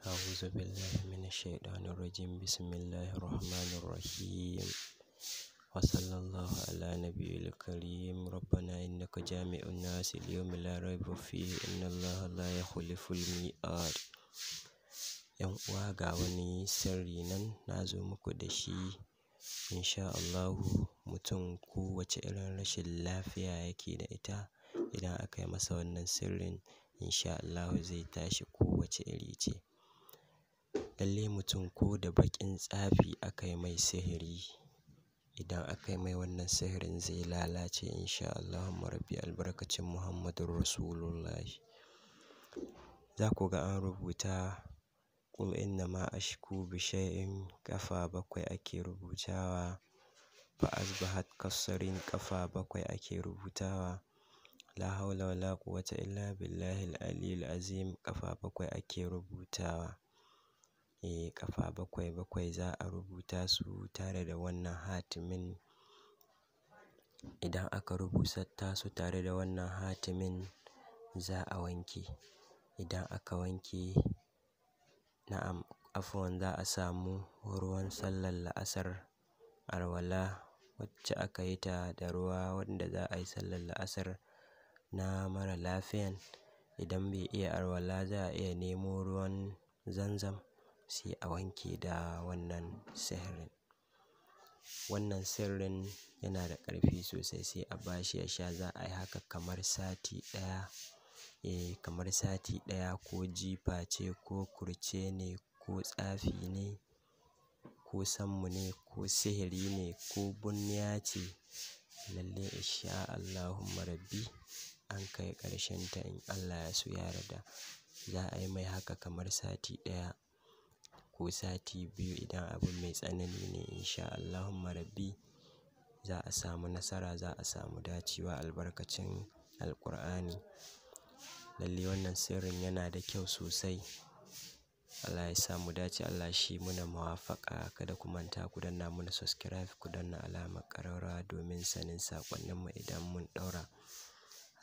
أعوذ بالله من الشيطان الرجيم بسم الله الرحمن الرحيم وصلى الله على نبي الكريم ربنا إنك جامع الناس اليوم لا ريب فيه إن الله لا يخلف الميعاد yan uwa ga wani sirri nan na zo muku da shi insha Allahu mutum kowace irin rashin lafiya yake da ita idan aka yi masa wannan sirrin insha Allahu zai tashi kowace iri ce Lalle mutum ko da baƙin tsafi aka yi mai sihiri, idan aka yi mai wannan sihirin zai lalace in sha Allahumma rabbi albarkacin muhammadu Rasulullahi. Za ku ga an rubuta a shi ashku bi shay'in" kafa bakwai ake rubutawa. "Fa asbahat kassarin" kafa bakwai ake rubutawa. "La hawla wa la quwwata illa billahi al-aliyyil azim" kafa bakwai ake rubutawa. eh ƙafa bakwai bakwai za a rubuta su tare da wannan hatimin. Idan aka rubuta su tare da wannan hatimin za a wanke. Idan aka wanke, na'am, afuwan za a samu ruwan sallar la'asar alwala wacce aka yi ta da ruwa wanda za a yi sallar la'asar na mara lafiyan. Idan bai iya alwala za a iya nemo ruwan zamzam sai a wanke da wannan sihirin. Wannan sirrin yana da ƙarfi sosai sai a ba shi ya sha za a yi haka kamar sati ɗaya, eh kamar sati ɗaya ko jifa ce ko kurce ne ko tsafi ne ko sammu ne ko sihiri ne ko bunniya ce. lallai in sha Allahumma rabbi an kai ƙarshenta in Allah ya so ya yarda. Za a yi mai haka kamar sati ɗaya. ko sati biyu idan abin mai tsanani ne in sha Allahumma rabbi za a samu nasara, za a samu dacewa albarkacin Alƙur'ani. Lalle wannan sirrin yana da kyau sosai. Allah ya sa mu dace, Allah shi muna mawafaka Kada ku manta ku danna mana subscribe, ku danna alamar ƙararrawa domin sanin saƙonninmu idan mun ɗaura.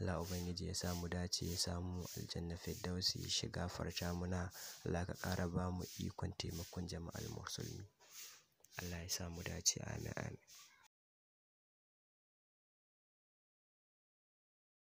Allah Ubangiji ya samu dace ya samu aljanna firdausi shiga farca muna Allah ka ƙara ba mu ikon taimakon jama'al musulmi Allah ya samu dace amin amin